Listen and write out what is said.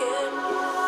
again.